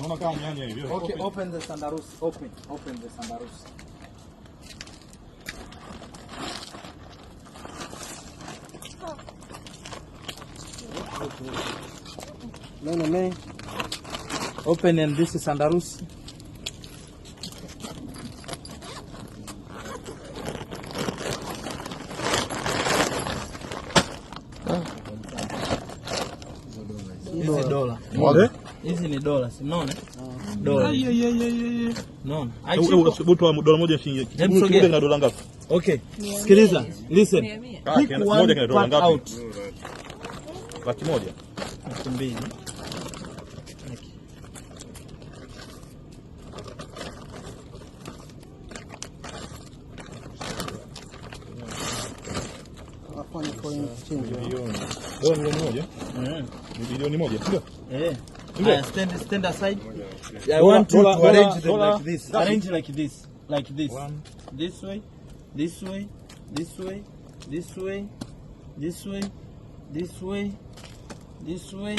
Naona kama nyanya hivi. Okay, open the sandarusi. Open, open the sandarusi. No, no, no. Open and this is sandarusi. Hizi dola. Mwage. Hizi ni dola, si unaona? Ah. Dola. Unaona? Butoa dola moja shilingi. Hebu na dola ngapi? Okay. Sikiliza, listen. Ah, Pick one out. Laki moja. Laki mbili. Milioni moja. Milioni moja. Eh. Yes. Uh, stand, stand aside. Yeah, I want to arrange them like this. Arrange like this. Like this. One. This way. This way. This way. This way. This way. This way. This way.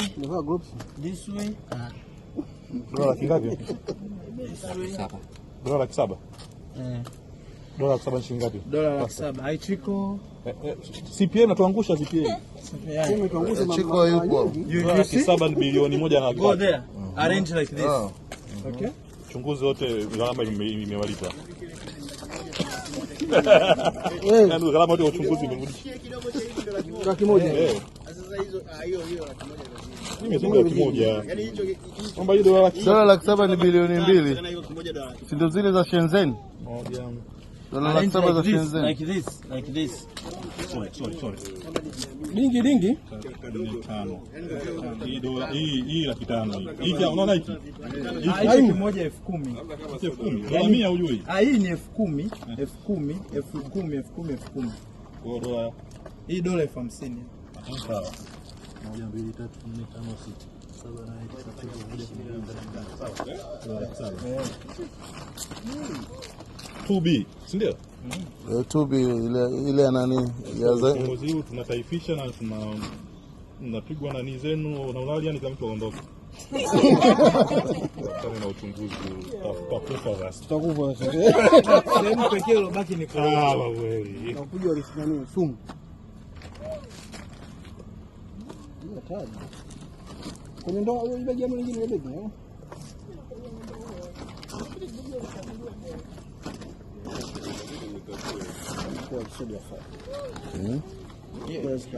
This way. Dola kingapi? Dola laki saba. Dola uh. laki saba ni shilingi ngapi? Dola laki saba. Haitiko. Eh, eh, CPA natuangusha CPA. Saba yaani, ni bilioni moja na oh. yaani, uchunguzi wote, gharama imemaliza gharama wote uchunguzi laki moja dola laki saba ni bilioni mbili, si zile za Shenzhen? Dola laki saba za Shenzhen lingi lingi hii laki tano unaona hiki kumi hii ni elfu kumi elfu kumi elfu kumi elfu kumi elfu kumi hii dola elfu hamsini sawa moja mbili tatu nne tano sita saba 2B eh. eh. si ndio? Eh, tubi ile, ile nani uongozi huu tunataifisha na tuna tunapigwa nani zenu na ulali, yani kama mtu aondoke na uchunguzi sehemu pekee ilobaki ni ah, sumu kwenye ndoo ile jamu lingine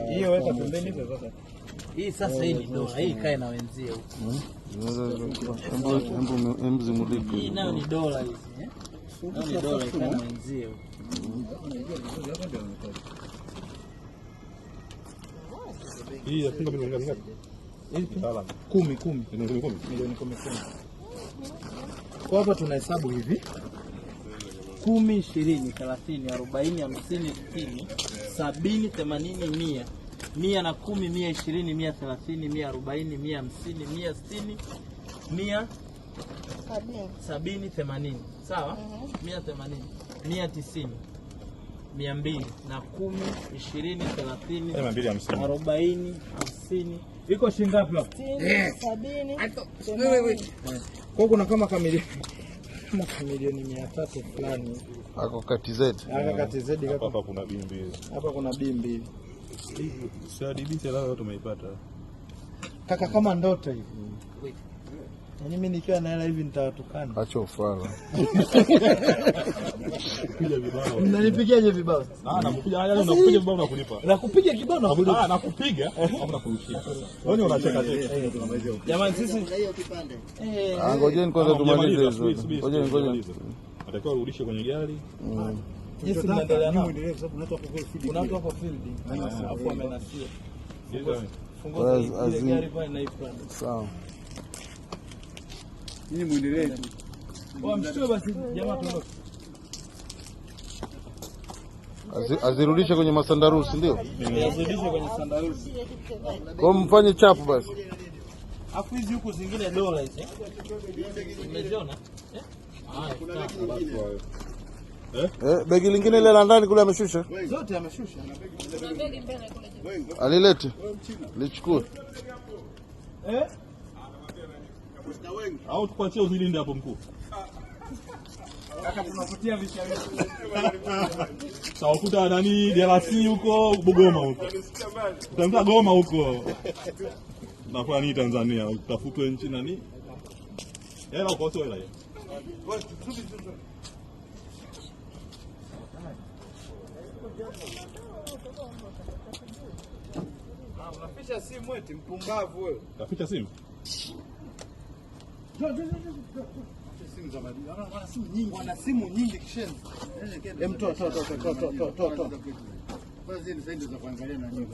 hiyo weka pembeni sasa. Hii sasa hii hii kae na wenzie huko. Embu zimulike. Hii nayo ni dola hizi eh. ni dola na wenzie huko. Hii ya pinga ngapi? kumi kumi. kumi kumi. Kwa hapa tunahesabu hivi kumi, ishirini, thelathini, arobaini, hamsini, sitini, sabini, themanini, mia mia na kumi, mia ishirini, mia thelathini, mia arobaini, mia hamsini, mia sitini, mia sabini, themanini. Sawa, mhm. mia themanini, mia tisini, mia mbili na kumi, ishirini, thelathini, arobaini, hamsini. Iko shingapi eh. Sabini. Kwa kuna kama kamili milioni mia tatu fulani hapa. Kuna bimbi hapa, kuna bimbi siadibisha, labda tumeipata kaka, kama ndoto hivi. Mimi nikiwa na hela hivi nitawatukana. Acha ufala. Mnanipigaje vibao? Ah, nakupiga haya yaani leo nakupiga kibao na kulipa. Ah, nakupiga au Wewe unacheka tu. Jamani sisi eh. ah, Ngojeni kwanza ah, tumalize hizo. Ngojeni ngojeni. Atakiwa urudishe kwenye gari. Mm. kwa field. amenasia. gari Sawa tu. Oh, Mshtue basi jamaa Azirudishe kwenye masandarusi ndio? Azirudishe kwenye sandarusi. Kwa mfanye chapu basi. hizi huku zingine dola hizi. Eh? Umeziona? Eh? eh, begi lingine ile la ndani kule ameshusha. Zote ameshusha. Alilete. Lichukue. Eh? au tukuachie uzilinde hapo mkuu? Tawakuta nani DRC huko Bugoma huko, utamta Goma huko Na kwa nini Tanzania, utafutwe nchi nani hela ukose hela ah, Unaficha simu eti mpumbavu wewe. Unaficha simu? Wana simu nyingi kishenzi. Toa, toa, toa, toa, toa, toa. Kwanza hizi zaidi za kuangalia na nyingi.